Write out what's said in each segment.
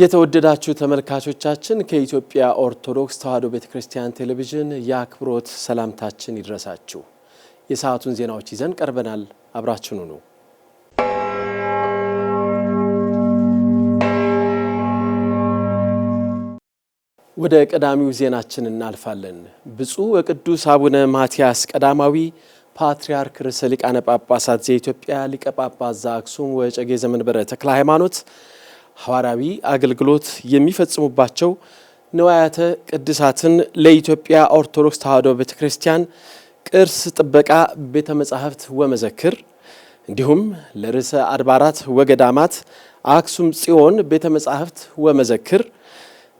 የተወደዳችሁ ተመልካቾቻችን ከኢትዮጵያ ኦርቶዶክስ ተዋሕዶ ቤተ ክርስቲያን ቴሌቪዥን የአክብሮት ሰላምታችን ይድረሳችሁ። የሰዓቱን ዜናዎች ይዘን ቀርበናል። አብራችኑ ነው። ወደ ቀዳሚው ዜናችን እናልፋለን። ብፁዕ ወቅዱስ አቡነ ማትያስ ቀዳማዊ ፓትርያርክ ርዕሰ ሊቃነ ጳጳሳት ዘኢትዮጵያ ሊቀ ጳጳስ ዘአክሱም ወጨጌ ዘመንበረ ተክለ ሃይማኖት ሐዋርያዊ አገልግሎት የሚፈጽሙባቸው ንዋያተ ቅድሳትን ለኢትዮጵያ ኦርቶዶክስ ተዋሕዶ ቤተ ክርስቲያን ቅርስ ጥበቃ ቤተ መጻሕፍት ወመዘክር እንዲሁም ለርዕሰ አድባራት ወገዳማት አክሱም ጽዮን ቤተ መጻሕፍት ወመዘክር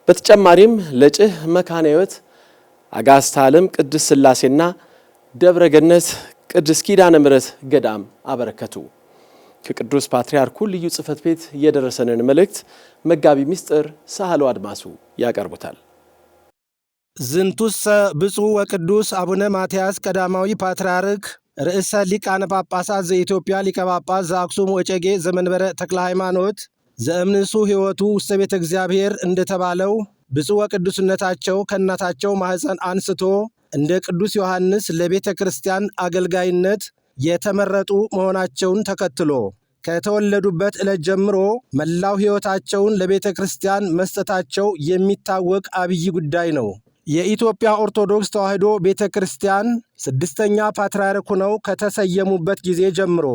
በተጨማሪም ለጭህ መካነ ሕይወት አጋስታ ዓለም ቅድስት ሥላሴና ደብረ ገነት ቅድስት ኪዳነ ምሕረት ገዳም አበረከቱ። ከቅዱስ ፓትርያርኩ ልዩ ጽሕፈት ቤት የደረሰንን መልእክት መጋቢ ምስጢር ሳህለው አድማሱ ያቀርቡታል። ዝንቱሰ ብፁዕ ወቅዱስ አቡነ ማትያስ ቀዳማዊ ፓትርያርክ ርእሰ ሊቃነ ጳጳሳት ዘኢትዮጵያ ሊቀ ጳጳስ ዘአክሱም ወጨጌ ዘመንበረ ተክለ ሃይማኖት ዘእምንሱ ሕይወቱ ውስተ ቤተ እግዚአብሔር እንደተባለው ብፁዕ ወቅዱስነታቸው ከእናታቸው ማኅፀን አንስቶ እንደ ቅዱስ ዮሐንስ ለቤተ ክርስቲያን አገልጋይነት የተመረጡ መሆናቸውን ተከትሎ ከተወለዱበት ዕለት ጀምሮ መላው ሕይወታቸውን ለቤተ ክርስቲያን መስጠታቸው የሚታወቅ አብይ ጉዳይ ነው። የኢትዮጵያ ኦርቶዶክስ ተዋሕዶ ቤተ ክርስቲያን ስድስተኛ ፓትርያርክ ሆነው ከተሰየሙበት ጊዜ ጀምሮ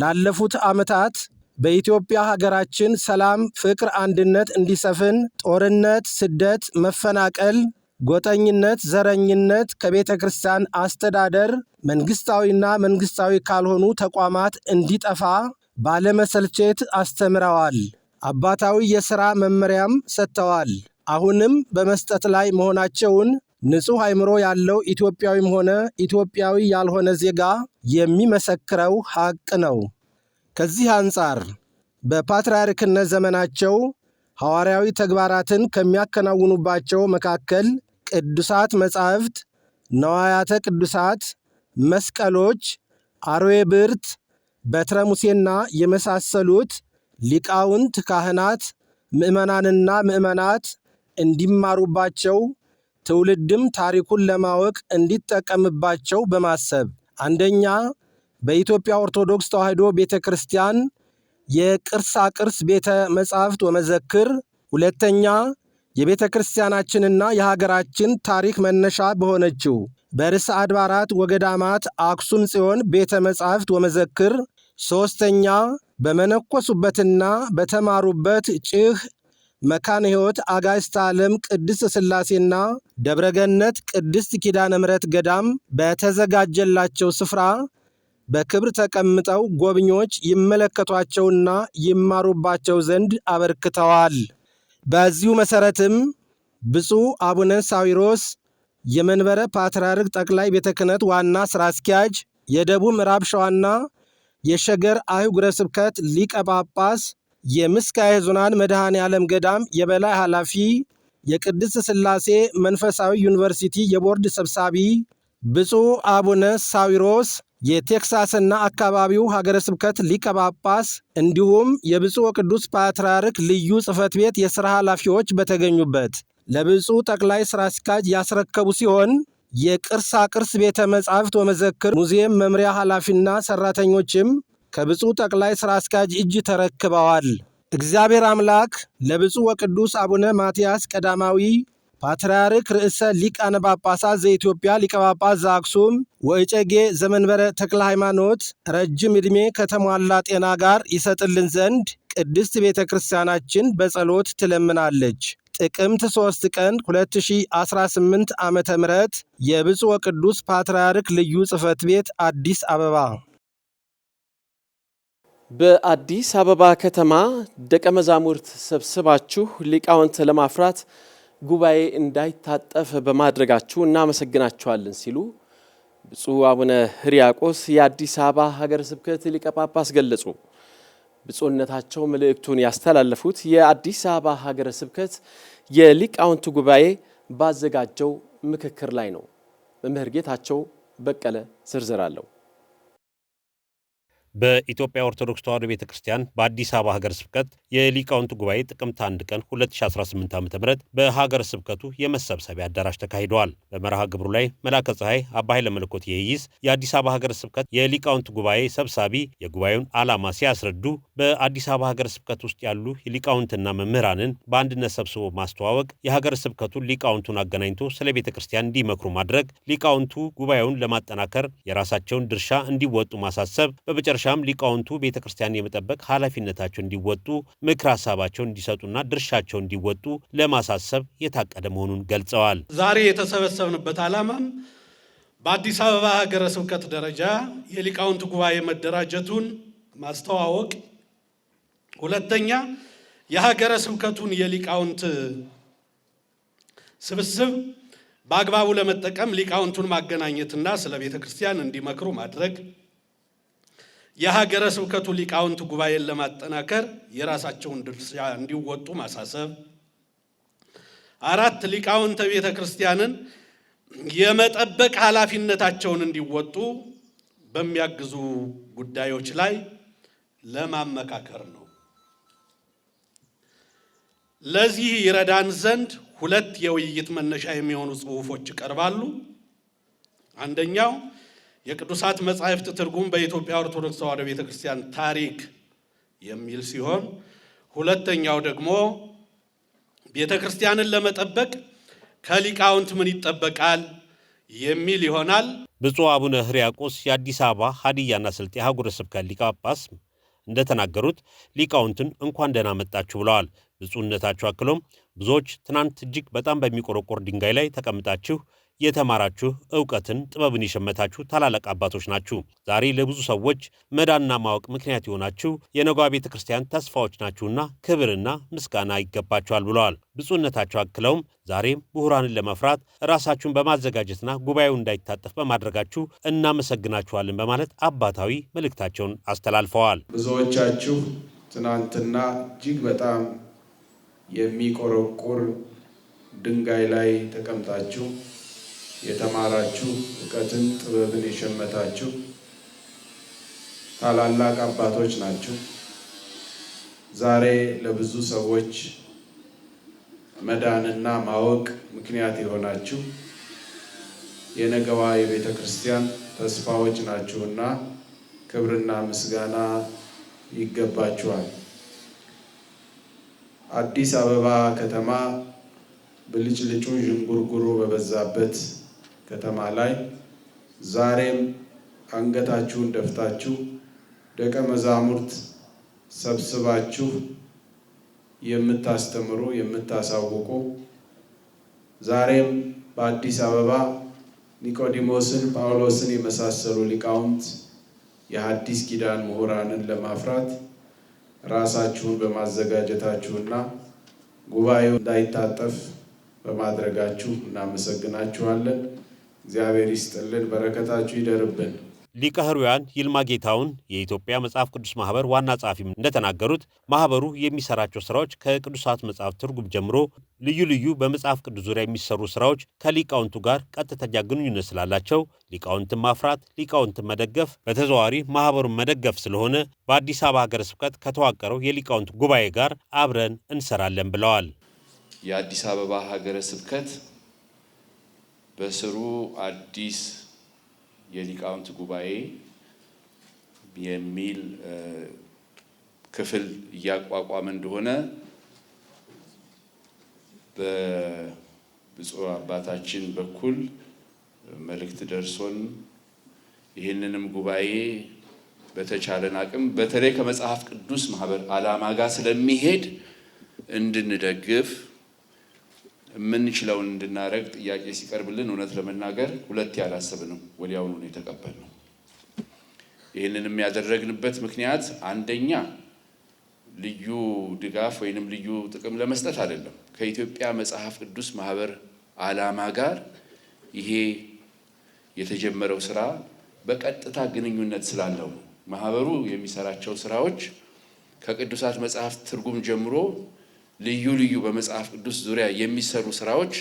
ላለፉት ዓመታት በኢትዮጵያ ሀገራችን ሰላም፣ ፍቅር፣ አንድነት እንዲሰፍን ጦርነት፣ ስደት፣ መፈናቀል ጎጠኝነት፣ ዘረኝነት ከቤተ ክርስቲያን አስተዳደር፣ መንግስታዊና መንግስታዊ ካልሆኑ ተቋማት እንዲጠፋ ባለመሰልቸት አስተምረዋል። አባታዊ የሥራ መመሪያም ሰጥተዋል። አሁንም በመስጠት ላይ መሆናቸውን ንጹሕ አይምሮ ያለው ኢትዮጵያዊም ሆነ ኢትዮጵያዊ ያልሆነ ዜጋ የሚመሰክረው ሐቅ ነው። ከዚህ አንጻር በፓትርያርክነት ዘመናቸው ሐዋርያዊ ተግባራትን ከሚያከናውኑባቸው መካከል ቅዱሳት መጻሕፍት፣ ነዋያተ ቅዱሳት፣ መስቀሎች፣ አርዌ ብርት፣ በትረ ሙሴና የመሳሰሉት ሊቃውንት ካህናት፣ ምዕመናንና ምዕመናት እንዲማሩባቸው ትውልድም ታሪኩን ለማወቅ እንዲጠቀምባቸው በማሰብ አንደኛ በኢትዮጵያ ኦርቶዶክስ ተዋሕዶ ቤተ ክርስቲያን የቅርሳ ቅርስ ቤተ መጻሕፍት ወመዘክር፣ ሁለተኛ የቤተ ክርስቲያናችንና የሀገራችን ታሪክ መነሻ በሆነችው በርዕሰ አድባራት ወገዳማት አክሱም ጽዮን ቤተ መጻሕፍት ወመዘክር፣ ሦስተኛ በመነኮሱበትና በተማሩበት ጭህ መካነ ሕይወት አጋዕዝተ ዓለም ቅድስት ሥላሴና ደብረገነት ቅድስት ኪዳነ ምሕረት ገዳም በተዘጋጀላቸው ስፍራ በክብር ተቀምጠው ጎብኚዎች ይመለከቷቸውና ይማሩባቸው ዘንድ አበርክተዋል። በዚሁ መሠረትም ብፁዕ አቡነ ሳዊሮስ የመንበረ ፓትርያርክ ጠቅላይ ቤተ ክህነት ዋና ሥራ አስኪያጅ፣ የደቡብ ምዕራብ ሸዋና የሸገር አህጉረ ስብከት ሊቀ ጳጳስ፣ የምስካየ ኅዙናን መድኃኔ ዓለም ገዳም የበላይ ኃላፊ፣ የቅድስት ሥላሴ መንፈሳዊ ዩኒቨርሲቲ የቦርድ ሰብሳቢ ብፁዕ አቡነ ሳዊሮስ የቴክሳስና አካባቢው ሀገረ ስብከት ሊቀ ጳጳስ እንዲሁም የብፁዕ ቅዱስ ፓትርያርክ ልዩ ጽሕፈት ቤት የሥራ ኃላፊዎች በተገኙበት ለብፁዕ ጠቅላይ ሥራ አስኪያጅ ያስረከቡ ሲሆን የቅርሳ ቅርስ ቤተ መጻሕፍት ወመዘክር ሙዚየም መምሪያ ኃላፊና ሠራተኞችም ከብፁዕ ጠቅላይ ሥራ አስኪያጅ እጅ ተረክበዋል። እግዚአብሔር አምላክ ለብፁዕ ወቅዱስ አቡነ ማትያስ ቀዳማዊ ፓትርያርክ ርእሰ ሊቃነ ጳጳሳት ዘኢትዮጵያ ሊቀ ጳጳስ ዘአክሱም ወእጨጌ ዘመንበረ ተክለ ሃይማኖት ረጅም ዕድሜ ከተሟላ ጤና ጋር ይሰጥልን ዘንድ ቅድስት ቤተ ክርስቲያናችን በጸሎት ትለምናለች። ጥቅምት 3 ቀን 2018 ዓ ም የብፁዕ ወቅዱስ ፓትርያርክ ልዩ ጽሕፈት ቤት አዲስ አበባ። በአዲስ አበባ ከተማ ደቀ መዛሙርት ሰብስባችሁ ሊቃውንት ለማፍራት ጉባኤ እንዳይታጠፍ በማድረጋችሁ እናመሰግናችኋለን ሲሉ ብፁዕ አቡነ ሕርያቆስ የአዲስ አበባ ሀገረ ስብከት ሊቀ ጳጳስ ገለጹ። ብፁዕነታቸው መልእክቱን ያስተላለፉት የአዲስ አበባ ሀገረ ስብከት የሊቃውንት ጉባኤ ባዘጋጀው ምክክር ላይ ነው። መምህር ጌታቸው በቀለ ዝርዝር አለው። በኢትዮጵያ ኦርቶዶክስ ተዋሕዶ ቤተ ክርስቲያን በአዲስ አበባ ሀገር ስብከት የሊቃውንቱ ጉባኤ ጥቅምት 1 ቀን 2018 ዓ ም በሀገር ስብከቱ የመሰብሰቢያ አዳራሽ ተካሂደዋል። በመርሃ ግብሩ ላይ መላከ ፀሐይ አባ ኃይለ መለኮት የይስ የአዲስ አበባ ሀገር ስብከት የሊቃውንቱ ጉባኤ ሰብሳቢ የጉባኤውን ዓላማ ሲያስረዱ በአዲስ አበባ ሀገር ስብከት ውስጥ ያሉ ሊቃውንትና መምህራንን በአንድነት ሰብስቦ ማስተዋወቅ፣ የሀገር ስብከቱ ሊቃውንቱን አገናኝቶ ስለ ቤተ ክርስቲያን እንዲመክሩ ማድረግ፣ ሊቃውንቱ ጉባኤውን ለማጠናከር የራሳቸውን ድርሻ እንዲወጡ ማሳሰብ፣ በመጨረሻ በመጨረሻም ሊቃውንቱ ቤተ ክርስቲያን የመጠበቅ ኃላፊነታቸው እንዲወጡ ምክር ሀሳባቸው እንዲሰጡና ድርሻቸው እንዲወጡ ለማሳሰብ የታቀደ መሆኑን ገልጸዋል። ዛሬ የተሰበሰብንበት ዓላማም በአዲስ አበባ ሀገረ ስብከት ደረጃ የሊቃውንት ጉባኤ መደራጀቱን ማስተዋወቅ፣ ሁለተኛ የሀገረ ስብከቱን የሊቃውንት ስብስብ በአግባቡ ለመጠቀም ሊቃውንቱን ማገናኘትና ስለ ቤተ ክርስቲያን እንዲመክሩ ማድረግ የሀገረ ስብከቱ ሊቃውንት ጉባኤን ለማጠናከር የራሳቸውን ድርሻ እንዲወጡ ማሳሰብ። አራት ሊቃውንተ ቤተ ክርስቲያንን የመጠበቅ ኃላፊነታቸውን እንዲወጡ በሚያግዙ ጉዳዮች ላይ ለማመካከር ነው። ለዚህ ይረዳን ዘንድ ሁለት የውይይት መነሻ የሚሆኑ ጽሑፎች ይቀርባሉ። አንደኛው የቅዱሳት መጻሕፍት ትርጉም በኢትዮጵያ ኦርቶዶክስ ተዋሕዶ ቤተ ክርስቲያን ታሪክ የሚል ሲሆን ሁለተኛው ደግሞ ቤተ ክርስቲያንን ለመጠበቅ ከሊቃውንት ምን ይጠበቃል የሚል ይሆናል። ብፁዕ አቡነ ሕርያቆስ የአዲስ አበባ ሀዲያና ስልጤ ሀገረ ስብከት ሊቀ ጳጳስ እንደተናገሩት ሊቃውንትን እንኳን ደህና መጣችሁ ብለዋል። ብፁዕነታቸው አክሎም ብዙዎች ትናንት እጅግ በጣም በሚቆረቆር ድንጋይ ላይ ተቀምጣችሁ የተማራችሁ እውቀትን፣ ጥበብን የሸመታችሁ ታላላቅ አባቶች ናችሁ። ዛሬ ለብዙ ሰዎች መዳንና ማወቅ ምክንያት የሆናችሁ የነጓ ቤተ ክርስቲያን ተስፋዎች ናችሁና ክብርና ምስጋና ይገባችኋል ብለዋል። ብፁዕነታቸው አክለውም ዛሬም ምሁራንን ለመፍራት ራሳችሁን በማዘጋጀትና ጉባኤው እንዳይታጠፍ በማድረጋችሁ እናመሰግናችኋለን በማለት አባታዊ መልእክታቸውን አስተላልፈዋል። ብዙዎቻችሁ ትናንትና እጅግ በጣም የሚቆረቁር ድንጋይ ላይ ተቀምጣችሁ የተማራችሁ እውቀትን ጥበብን የሸመታችሁ ታላላቅ አባቶች ናችሁ። ዛሬ ለብዙ ሰዎች መዳንና ማወቅ ምክንያት የሆናችሁ የነገዋ የቤተ ክርስቲያን ተስፋዎች ናችሁና ክብርና ምስጋና ይገባችኋል። አዲስ አበባ ከተማ ብልጭልጩ ዥንጉርጉሩ በበዛበት ከተማ ላይ ዛሬም አንገታችሁን ደፍታችሁ ደቀ መዛሙርት ሰብስባችሁ የምታስተምሩ የምታሳውቁ ዛሬም በአዲስ አበባ ኒቆዲሞስን ጳውሎስን የመሳሰሉ ሊቃውንት የሐዲስ ኪዳን ምሁራንን ለማፍራት ራሳችሁን በማዘጋጀታችሁና ጉባኤው እንዳይታጠፍ በማድረጋችሁ እናመሰግናችኋለን። እግዚአብሔር ይስጥልን፣ በረከታችሁ ይደርብን። ሊቀ ሕሩያን ይልማ ጌታውን የኢትዮጵያ መጽሐፍ ቅዱስ ማህበር ዋና ጸሐፊም እንደተናገሩት ማህበሩ የሚሰራቸው ስራዎች ከቅዱሳት መጽሐፍ ትርጉም ጀምሮ ልዩ ልዩ በመጽሐፍ ቅዱስ ዙሪያ የሚሰሩ ስራዎች ከሊቃውንቱ ጋር ቀጥተኛ ግንኙነት ስላላቸው ሊቃውንትን ማፍራት፣ ሊቃውንትን መደገፍ፣ በተዘዋዋሪ ማህበሩን መደገፍ ስለሆነ በአዲስ አበባ ሀገረ ስብከት ከተዋቀረው የሊቃውንት ጉባኤ ጋር አብረን እንሰራለን ብለዋል። የአዲስ አበባ ሀገረ ስብከት በስሩ አዲስ የሊቃውንት ጉባኤ የሚል ክፍል እያቋቋመ እንደሆነ በብፁዕ አባታችን በኩል መልእክት ደርሶን ይህንንም ጉባኤ በተቻለን አቅም በተለይ ከመጽሐፍ ቅዱስ ማህበር ዓላማ ጋር ስለሚሄድ እንድንደግፍ የምንችለውን እንድናረግ ጥያቄ ሲቀርብልን እውነት ለመናገር ሁለት ያላሰብንም ወዲያውኑ የተቀበልነው። ይህንን የሚያደረግንበት ምክንያት አንደኛ ልዩ ድጋፍ ወይንም ልዩ ጥቅም ለመስጠት አይደለም። ከኢትዮጵያ መጽሐፍ ቅዱስ ማህበር ዓላማ ጋር ይሄ የተጀመረው ስራ በቀጥታ ግንኙነት ስላለው ነው። ማህበሩ የሚሰራቸው ስራዎች ከቅዱሳት መጽሐፍ ትርጉም ጀምሮ ልዩ ልዩ በመጽሐፍ ቅዱስ ዙሪያ የሚሰሩ ስራዎች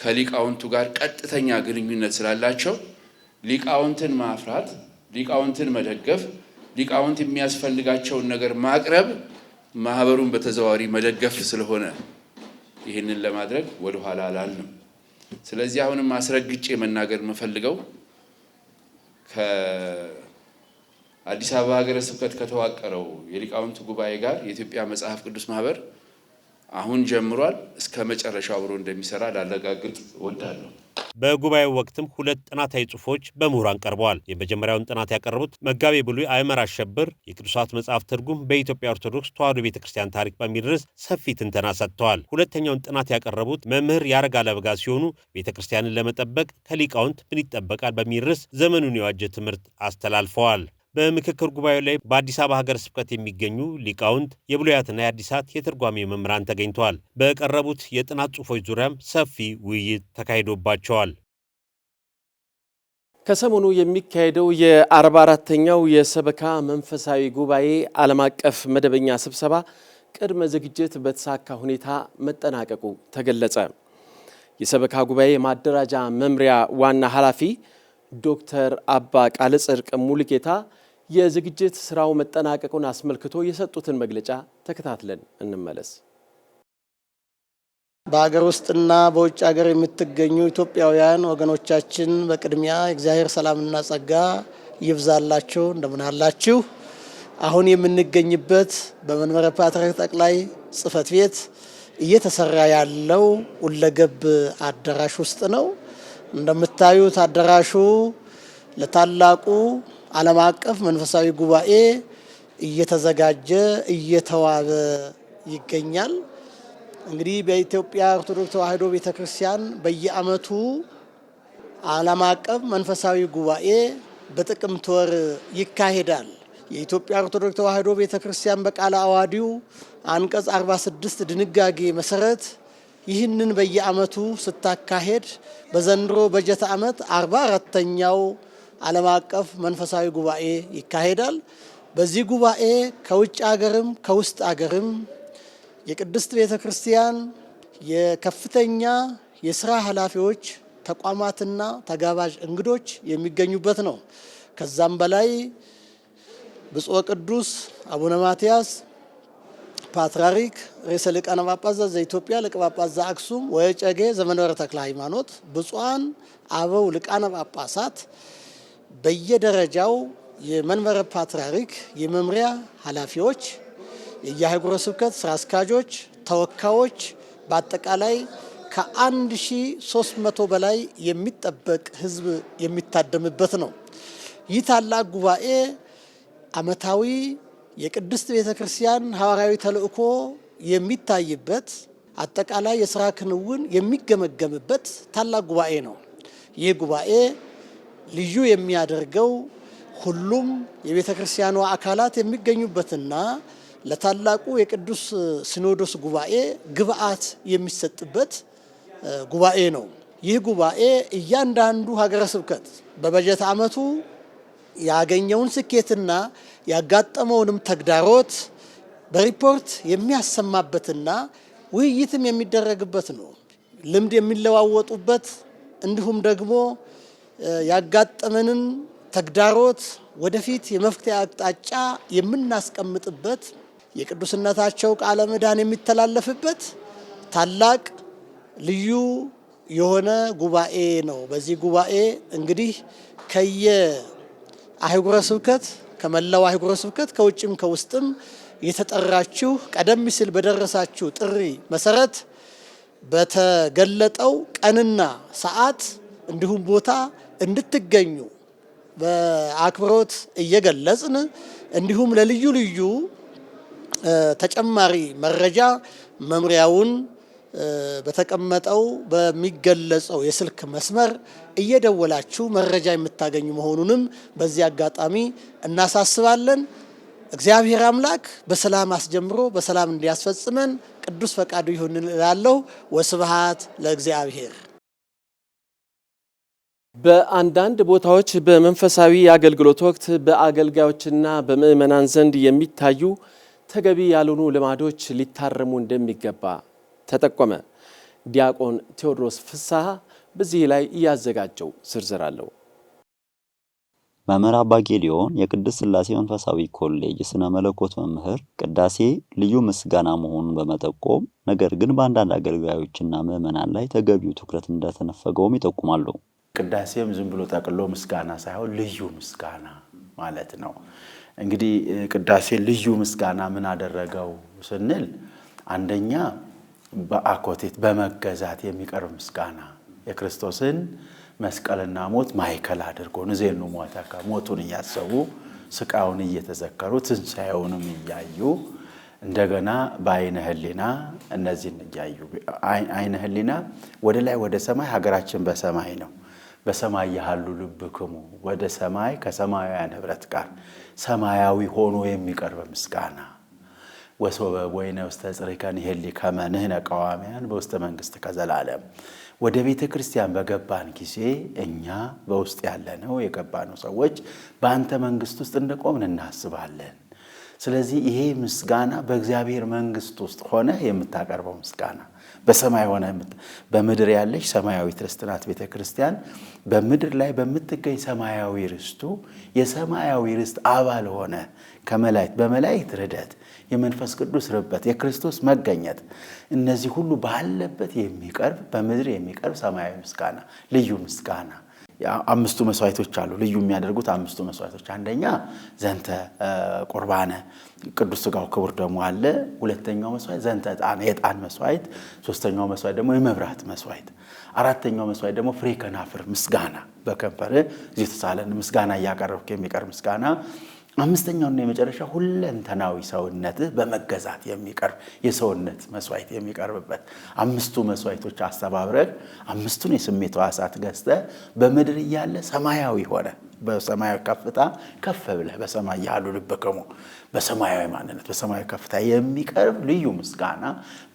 ከሊቃውንቱ ጋር ቀጥተኛ ግንኙነት ስላላቸው ሊቃውንትን ማፍራት፣ ሊቃውንትን መደገፍ፣ ሊቃውንት የሚያስፈልጋቸውን ነገር ማቅረብ ማህበሩን በተዘዋዋሪ መደገፍ ስለሆነ ይህንን ለማድረግ ወደኋላ አላልንም። ስለዚህ አሁንም አስረግጬ መናገር የምፈልገው ከአዲስ አበባ ሀገረ ስብከት ከተዋቀረው የሊቃውንት ጉባኤ ጋር የኢትዮጵያ መጽሐፍ ቅዱስ ማህበር አሁን ጀምሯል። እስከ መጨረሻው አብሮ እንደሚሰራ ላለጋግጥ ወዳለሁ። በጉባኤው ወቅትም ሁለት ጥናታዊ ጽሑፎች በምሁራን ቀርበዋል። የመጀመሪያውን ጥናት ያቀረቡት መጋቤ ብሉይ አይመር አሸብር የቅዱሳት መጽሐፍ ትርጉም በኢትዮጵያ ኦርቶዶክስ ተዋሕዶ ቤተ ክርስቲያን ታሪክ በሚል ርዕስ ሰፊ ትንተና ሰጥተዋል። ሁለተኛውን ጥናት ያቀረቡት መምህር ያረጋ ለበጋ ሲሆኑ ቤተ ክርስቲያንን ለመጠበቅ ከሊቃውንት ምን ይጠበቃል በሚል ርዕስ ዘመኑን የዋጀ ትምህርት አስተላልፈዋል። በምክክር ጉባኤው ላይ በአዲስ አበባ ሀገረ ስብከት የሚገኙ ሊቃውንት፣ የብሉያትና የአዲሳት የተርጓሚ መምህራን ተገኝተዋል። በቀረቡት የጥናት ጽሑፎች ዙሪያም ሰፊ ውይይት ተካሂዶባቸዋል። ከሰሞኑ የሚካሄደው የአርባ አራተኛው የሰበካ መንፈሳዊ ጉባኤ ዓለም አቀፍ መደበኛ ስብሰባ ቅድመ ዝግጅት በተሳካ ሁኔታ መጠናቀቁ ተገለጸ። የሰበካ ጉባኤ ማደራጃ መምሪያ ዋና ኃላፊ ዶክተር አባ ቃለ ጽድቅ ሙልጌታ የዝግጅት ስራው መጠናቀቁን አስመልክቶ የሰጡትን መግለጫ ተከታትለን እንመለስ። በሀገር ውስጥና በውጭ ሀገር የምትገኙ ኢትዮጵያውያን ወገኖቻችን በቅድሚያ እግዚአብሔር ሰላምና ጸጋ ይብዛላችሁ። እንደምን አላችሁ? አሁን የምንገኝበት በመንበረ ፓትርያርክ ጠቅላይ ጽሕፈት ቤት እየተሰራ ያለው ሁለገብ አዳራሽ ውስጥ ነው። እንደምታዩት አዳራሹ ለታላቁ ዓለም አቀፍ መንፈሳዊ ጉባኤ እየተዘጋጀ እየተዋበ ይገኛል። እንግዲህ በኢትዮጵያ ኦርቶዶክስ ተዋሕዶ ቤተ ክርስቲያን በየዓመቱ ዓለም አቀፍ መንፈሳዊ ጉባኤ በጥቅምት ወር ይካሄዳል። የኢትዮጵያ ኦርቶዶክስ ተዋሕዶ ቤተ ክርስቲያን በቃለ አዋዲው አንቀጽ 46 ድንጋጌ መሰረት ይህንን በየዓመቱ ስታካሄድ በዘንድሮ በጀት ዓመት 44 ተኛው ዓለም አቀፍ መንፈሳዊ ጉባኤ ይካሄዳል። በዚህ ጉባኤ ከውጭ አገርም ከውስጥ አገርም የቅድስት ቤተ ክርስቲያን የከፍተኛ የስራ ኃላፊዎች ተቋማትና ተጋባዥ እንግዶች የሚገኙበት ነው። ከዛም በላይ ብፁዕ ቅዱስ አቡነ ማትያስ ፓትርያርክ ርዕሰ ሊቃነ ጳጳሳት ዘኢትዮጵያ ሊቀ ጳጳስ ዘአክሱም ወእጨጌ ዘመንበረ ተክለ ሃይማኖት ብፁዓን አበው ሊቃነ ጳጳሳት በየደረጃው የመንበረ ፓትርያርክ የመምሪያ ኃላፊዎች፣ የየአህጉረ ስብከት ስራ አስኪያጆች፣ ተወካዮች በአጠቃላይ ከ1300 በላይ የሚጠበቅ ህዝብ የሚታደምበት ነው። ይህ ታላቅ ጉባኤ አመታዊ የቅድስት ቤተ ክርስቲያን ሐዋርያዊ ተልእኮ የሚታይበት አጠቃላይ የስራ ክንውን የሚገመገምበት ታላቅ ጉባኤ ነው። ይህ ጉባኤ ልዩ የሚያደርገው ሁሉም የቤተ ክርስቲያኗ አካላት የሚገኙበትና ለታላቁ የቅዱስ ሲኖዶስ ጉባኤ ግብአት የሚሰጥበት ጉባኤ ነው። ይህ ጉባኤ እያንዳንዱ ሀገረ ስብከት በበጀት ዓመቱ ያገኘውን ስኬትና ያጋጠመውንም ተግዳሮት በሪፖርት የሚያሰማበትና ውይይትም የሚደረግበት ነው። ልምድ የሚለዋወጡበት እንዲሁም ደግሞ ያጋጠመንን ተግዳሮት ወደፊት የመፍትሄ አቅጣጫ የምናስቀምጥበት የቅዱስነታቸው ቃለ ምዕዳን የሚተላለፍበት ታላቅ ልዩ የሆነ ጉባኤ ነው። በዚህ ጉባኤ እንግዲህ ከየ አህጉረ ስብከት ከመላው አህጉረ ስብከት ከውጭም ከውስጥም የተጠራችሁ ቀደም ሲል በደረሳችሁ ጥሪ መሰረት በተገለጠው ቀንና ሰዓት እንዲሁም ቦታ እንድትገኙ በአክብሮት እየገለጽን እንዲሁም ለልዩ ልዩ ተጨማሪ መረጃ መምሪያውን በተቀመጠው በሚገለጸው የስልክ መስመር እየደወላችሁ መረጃ የምታገኙ መሆኑንም በዚህ አጋጣሚ እናሳስባለን። እግዚአብሔር አምላክ በሰላም አስጀምሮ በሰላም እንዲያስፈጽመን ቅዱስ ፈቃዱ ይሁን እላለሁ። ወስብሃት ለእግዚአብሔር። በአንዳንድ ቦታዎች በመንፈሳዊ አገልግሎት ወቅት በአገልጋዮችና በምዕመናን ዘንድ የሚታዩ ተገቢ ያልሆኑ ልማዶች ሊታረሙ እንደሚገባ ተጠቆመ። ዲያቆን ቴዎድሮስ ፍስሐ በዚህ ላይ እያዘጋጀው ዝርዝር አለው። መምህር አባ ጌዲዮን የቅድስት ስላሴ መንፈሳዊ ኮሌጅ ስነ መለኮት መምህር ቅዳሴ ልዩ ምስጋና መሆኑን በመጠቆም ነገር ግን በአንዳንድ አገልጋዮችና ምዕመናን ላይ ተገቢው ትኩረት እንደተነፈገውም ይጠቁማሉ። ቅዳሴም ዝም ብሎ ጠቅሎ ምስጋና ሳይሆን ልዩ ምስጋና ማለት ነው። እንግዲህ ቅዳሴ ልዩ ምስጋና ምን አደረገው ስንል አንደኛ በአኮቴት በመገዛት የሚቀርብ ምስጋና የክርስቶስን መስቀልና ሞት ማዕከል አድርጎ ንዜኑ ሞተከ ሞቱን እያሰቡ ስቃዩን እየተዘከሩ ትንሣኤውንም እያዩ እንደገና በአይነ ህሊና እነዚህን እያዩ አይነ ህሊና ወደ ላይ ወደ ሰማይ ሀገራችን በሰማይ ነው። በሰማይ ያሉ ልብክሙ ወደ ሰማይ ከሰማያውያን ህብረት ጋር ሰማያዊ ሆኖ የሚቀርብ ምስጋና ወሶበ ወይነ ውስተ ጽሪከን ይሄሊ ከመንህ ንሕነ ቀዋምያን በውስተ መንግሥትከ ዘላለም። ወደ ቤተ ክርስቲያን በገባን ጊዜ እኛ በውስጥ ያለነው የገባነው ሰዎች በአንተ መንግስት ውስጥ እንደቆምን እናስባለን። ስለዚህ ይሄ ምስጋና በእግዚአብሔር መንግስት ውስጥ ሆነ የምታቀርበው ምስጋና በሰማይ ሆነ በምድር ያለች ሰማያዊት ርስት ናት ቤተ ክርስቲያን። በምድር ላይ በምትገኝ ሰማያዊ ርስቱ የሰማያዊ ርስት አባል ሆነ ከመላእክት በመላእክት ርደት የመንፈስ ቅዱስ ርበት የክርስቶስ መገኘት እነዚህ ሁሉ ባለበት የሚቀርብ በምድር የሚቀርብ ሰማያዊ ምስጋና ልዩ ምስጋና አምስቱ መስዋዕቶች አሉ። ልዩ የሚያደርጉት አምስቱ መስዋዕቶች፣ አንደኛ ዘንተ ቁርባነ ቅዱስ ስጋው ክቡር ደግሞ አለ። ሁለተኛው መስዋዕት ዘንተ የዕጣን መስዋዕት፣ ሶስተኛው መስዋዕት ደግሞ የመብራት መስዋዕት፣ አራተኛው መስዋዕት ደግሞ ፍሬ ከናፍር ምስጋና፣ በከንፈር እዚህ ተሳለን ምስጋና እያቀረብክ የሚቀር ምስጋና አምስተኛውና የመጨረሻ ሁለንተናዊ ሰውነትህ በመገዛት የሚቀርብ የሰውነት መስዋዕት የሚቀርብበት አምስቱ መስዋዕቶች አስተባብረህ አምስቱን የስሜት ሕዋሳት ገዝተህ በምድር እያለ ሰማያዊ ሆነ በሰማያዊ ከፍታ ከፍ ብለህ በሰማይ ያሉ ልበከሙ በሰማያዊ ማንነት በሰማያዊ ከፍታ የሚቀርብ ልዩ ምስጋና፣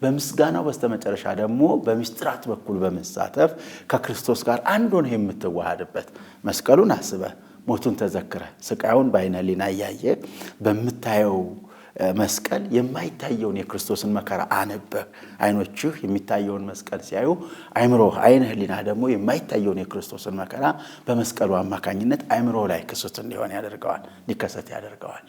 በምስጋናው በስተመጨረሻ ደግሞ በሚስጥራት በኩል በመሳተፍ ከክርስቶስ ጋር አንድ ሆነህ የምትዋሃድበት መስቀሉን አስበህ ሞቱን ተዘክረ ስቃዩን በአይነ ሊና እያየ በምታየው መስቀል የማይታየውን የክርስቶስን መከራ አነበብ። አይኖችህ የሚታየውን መስቀል ሲያዩ አይምሮህ፣ አይን ህሊና ደግሞ የማይታየውን የክርስቶስን መከራ በመስቀሉ አማካኝነት አይምሮ ላይ ክሱት እንዲሆን ያደርገዋል፣ ሊከሰት ያደርገዋል።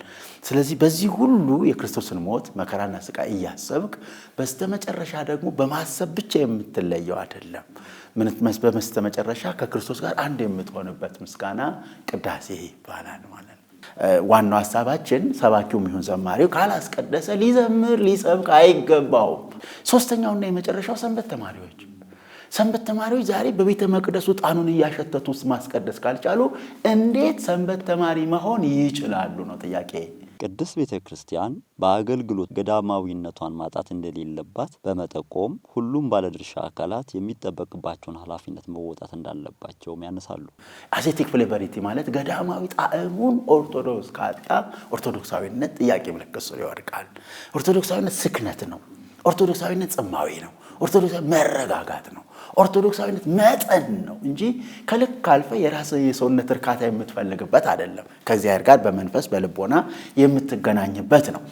ስለዚህ በዚህ ሁሉ የክርስቶስን ሞት መከራና ስቃይ እያሰብክ በስተመጨረሻ ደግሞ በማሰብ ብቻ የምትለየው አይደለም። በመስተመጨረሻ ከክርስቶስ ጋር አንድ የምትሆንበት ምስጋና ቅዳሴ ይባላል ማለት ነው። ዋናው ሀሳባችን ሰባኪው የሚሆን ዘማሪው ካላስቀደሰ ሊዘምር ሊሰብክ አይገባውም። ሶስተኛውና የመጨረሻው ሰንበት ተማሪዎች ሰንበት ተማሪዎች ዛሬ በቤተ መቅደሱ ጣኑን እያሸተቱ ማስቀደስ ካልቻሉ እንዴት ሰንበት ተማሪ መሆን ይችላሉ ነው ጥያቄ። ቅድስት ቤተ ክርስቲያን በአገልግሎት ገዳማዊነቷን ማጣት እንደሌለባት በመጠቆም ሁሉም ባለድርሻ አካላት የሚጠበቅባቸውን ኃላፊነት መወጣት እንዳለባቸውም ያነሳሉ። አሴቲክ ፍሌቨሪቲ ማለት ገዳማዊ ጣዕሙን ኦርቶዶክስ ካጣ ኦርቶዶክሳዊነት ጥያቄ ምልክት ስር ይወድቃል። ኦርቶዶክሳዊነት ስክነት ነው። ኦርቶዶክሳዊነት ጽማዊ ነው። ኦርቶዶክሳዊ መረጋጋት ነው። ኦርቶዶክሳዊነት መጠን ነው እንጂ ከልክ ካልፈ የራስ የሰውነት እርካታ የምትፈልግበት አይደለም። ከእግዚአብሔር ጋር በመንፈስ በልቦና የምትገናኝበት ነው።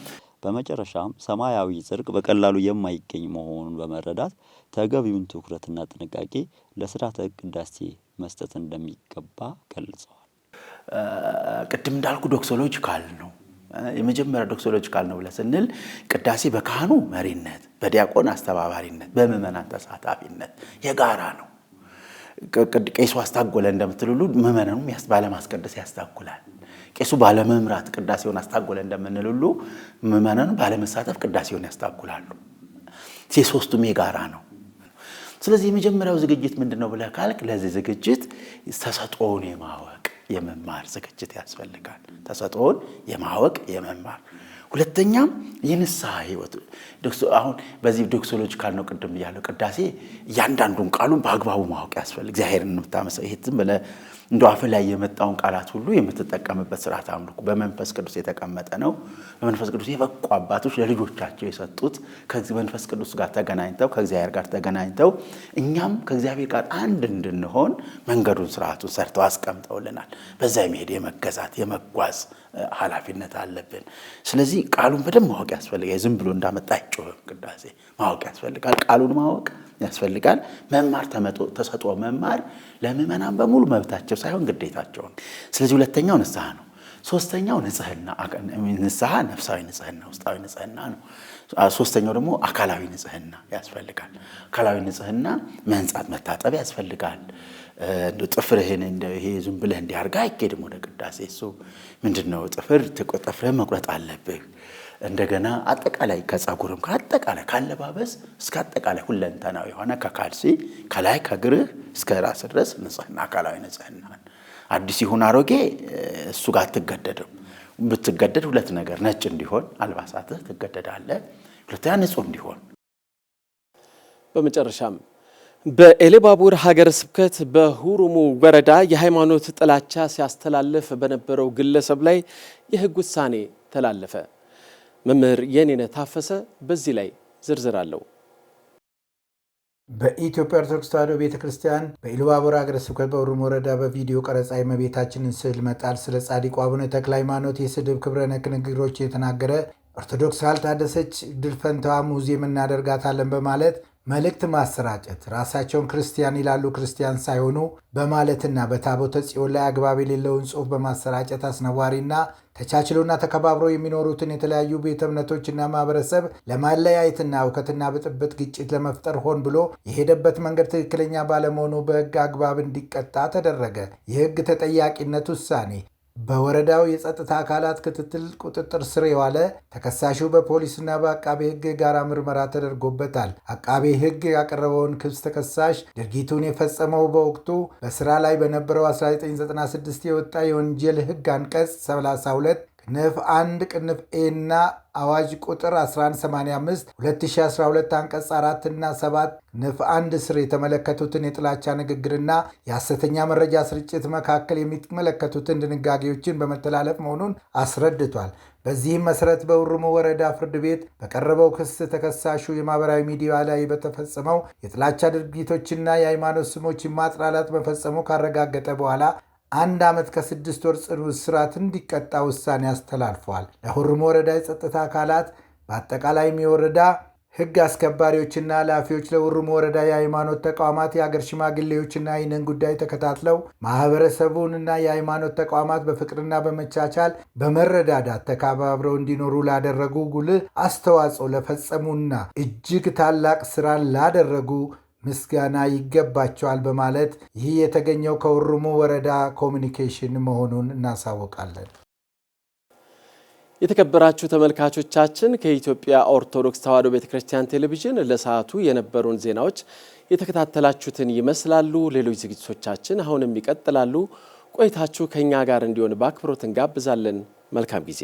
በመጨረሻም ሰማያዊ ጽድቅ በቀላሉ የማይገኝ መሆኑን በመረዳት ተገቢውን ትኩረትና ጥንቃቄ ለስርዓተ ቅዳሴ መስጠት እንደሚገባ ገልጸዋል። ቅድም እንዳልኩ ዶክሶሎጂካል ነው የመጀመሪያ ዶክሶሎጂካል ነው ብለህ ስንል ቅዳሴ በካህኑ መሪነት፣ በዲያቆን አስተባባሪነት፣ በምዕመናን ተሳታፊነት የጋራ ነው። ቄሱ አስታጎለ እንደምትልሉ ምዕመናኑም ባለማስቀደስ ያስታጉላል። ቄሱ ባለመምራት ቅዳሴውን አስታጎለ እንደምንልሉ ምዕመናኑ ባለመሳተፍ ቅዳሴውን ያስታጉላሉ። የሦስቱም የጋራ ነው። ስለዚህ የመጀመሪያው ዝግጅት ምንድን ነው ብለህ ካልክ ለዚህ ዝግጅት ተሰጥኦውን የማወቅ የመማር ዝግጅት ያስፈልጋል። ተሰጥኦን የማወቅ የመማር ሁለተኛም የንስሐ ህይወት አሁን በዚህ ዶክሶሎጂ ካልነው ቅድም እያለው ቅዳሴ እያንዳንዱን ቃሉን በአግባቡ ማወቅ ያስፈልግ እግዚአብሔርን ምታመሰ ይሄ ዝም ብለህ እንደ አፍ ላይ የመጣውን ቃላት ሁሉ የምትጠቀምበት ስርዓት አምልኮ በመንፈስ ቅዱስ የተቀመጠ ነው። በመንፈስ ቅዱስ የበቁ አባቶች ለልጆቻቸው የሰጡት ከመንፈስ ቅዱስ ጋር ተገናኝተው ከእግዚአብሔር ጋር ተገናኝተው እኛም ከእግዚአብሔር ጋር አንድ እንድንሆን መንገዱን ስርዓቱን ሰርተው አስቀምጠውልናል። በዛ የመሄድ የመገዛት የመጓዝ ኃላፊነት አለብን። ስለዚህ ቃሉን በደንብ ማወቅ ያስፈልጋል። ዝም ብሎ እንዳመጣ አይጮህም። ቅዳሴ ማወቅ ያስፈልጋል። ቃሉን ማወቅ ያስፈልጋል። መማር ተሰጥኦ መማር ለምዕመናን በሙሉ መብታቸው ሳይሆን ግዴታቸው ነው። ስለዚህ ሁለተኛው ንስሐ ነው። ሶስተኛው ንጽህና ንስሐ ነፍሳዊ ንጽህና ውስጣዊ ንጽህና ነው። ሶስተኛው ደግሞ አካላዊ ንጽህና ያስፈልጋል። አካላዊ ንጽህና መንጻት፣ መታጠብ ያስፈልጋል። ጥፍርህን ይሄ ዝም ብለህ እንዲያርጋ አይኬድም ወደ ቅዳሴ እሱ ምንድን ነው ጥፍር ጥፍርህን መቁረጥ አለብህ እንደገና አጠቃላይ ከጸጉርም ከአጠቃላይ ካለባበስ እስከ አጠቃላይ ሁለንተናዊ የሆነ ከካልሲ ከላይ ከግርህ እስከ ራስ ድረስ ንጽህና፣ አካላዊ ንጽህና አዲስ ይሁን አሮጌ እሱ ጋር አትገደድም። ብትገደድ ሁለት ነገር ነጭ እንዲሆን አልባሳትህ ትገደዳለህ፣ ሁለተኛ ንጹህ እንዲሆን። በመጨረሻም በኤሌባቡር ሀገረ ስብከት በሁሩሙ ወረዳ የሃይማኖት ጥላቻ ሲያስተላልፍ በነበረው ግለሰብ ላይ የህግ ውሳኔ ተላለፈ። መምህር የኔነ ታፈሰ በዚህ ላይ ዝርዝር አለው። በኢትዮጵያ ኦርቶዶክስ ተዋሕዶ ቤተ ክርስቲያን በኢሉባቦር አገረ ስብከት በኦሮሞ ወረዳ በቪዲዮ ቀረጻ የእመቤታችንን ስዕል መጣል ስለ ጻድቁ አቡነ ተክለ ሃይማኖት የስድብ ክብረ ነክ ንግግሮች የተናገረ ኦርቶዶክስ ካልታደሰች ድል ፈንታዋ ሙዚየም እናደርጋታለን በማለት መልእክት ማሰራጨት ራሳቸውን ክርስቲያን ይላሉ ክርስቲያን ሳይሆኑ በማለትና በታቦተ ጽዮን ላይ አግባብ የሌለውን ጽሑፍ በማሰራጨት አስነዋሪና ተቻችሎና ተከባብሮ የሚኖሩትን የተለያዩ ቤተ እምነቶችና ማህበረሰብ ለማለያየትና እውከትና ብጥብጥ ግጭት ለመፍጠር ሆን ብሎ የሄደበት መንገድ ትክክለኛ ባለመሆኑ በሕግ አግባብ እንዲቀጣ ተደረገ። የሕግ ተጠያቂነት ውሳኔ በወረዳው የጸጥታ አካላት ክትትል ቁጥጥር ስር የዋለ ተከሳሹ በፖሊስና በአቃቤ ሕግ የጋራ ምርመራ ተደርጎበታል። አቃቤ ሕግ ያቀረበውን ክስ ተከሳሽ ድርጊቱን የፈጸመው በወቅቱ በስራ ላይ በነበረው 1996 የወጣ የወንጀል ሕግ አንቀጽ 32 ክንፍ 1 ቅንፍ ኤና አዋጅ ቁጥር 1185 2012 አንቀጽ 4 እና 7 ንፍ 1 ስር የተመለከቱትን የጥላቻ ንግግርና የሐሰተኛ መረጃ ስርጭት መካከል የሚመለከቱትን ድንጋጌዎችን በመተላለፍ መሆኑን አስረድቷል። በዚህም መሰረት በውሩሙ ወረዳ ፍርድ ቤት በቀረበው ክስ ተከሳሹ የማህበራዊ ሚዲያ ላይ በተፈጸመው የጥላቻ ድርጊቶችና የሃይማኖት ስሞች ማጥላላት መፈጸሙ ካረጋገጠ በኋላ አንድ ዓመት ከስድስት ወር ጽኑ እስራት እንዲቀጣ ውሳኔ አስተላልፏል። ለሁርሞ ወረዳ የጸጥታ አካላት በአጠቃላይም የወረዳ ሕግ አስከባሪዎችና ኃላፊዎች ለሁርሞ ወረዳ የሃይማኖት ተቋማት የአገር ሽማግሌዎችና ይህንን ጉዳይ ተከታትለው ማህበረሰቡንና የሃይማኖት ተቋማት በፍቅርና በመቻቻል በመረዳዳት ተካባብረው እንዲኖሩ ላደረጉ ጉልህ አስተዋጽኦ ለፈጸሙና እጅግ ታላቅ ስራን ላደረጉ ምስጋና ይገባቸዋል በማለት ይህ የተገኘው ከውርሙ ወረዳ ኮሚኒኬሽን መሆኑን እናሳውቃለን። የተከበራችሁ ተመልካቾቻችን ከኢትዮጵያ ኦርቶዶክስ ተዋሕዶ ቤተክርስቲያን ቴሌቪዥን ለሰዓቱ የነበሩን ዜናዎች የተከታተላችሁትን ይመስላሉ። ሌሎች ዝግጅቶቻችን አሁንም ይቀጥላሉ። ቆይታችሁ ከእኛ ጋር እንዲሆን በአክብሮት እንጋብዛለን። መልካም ጊዜ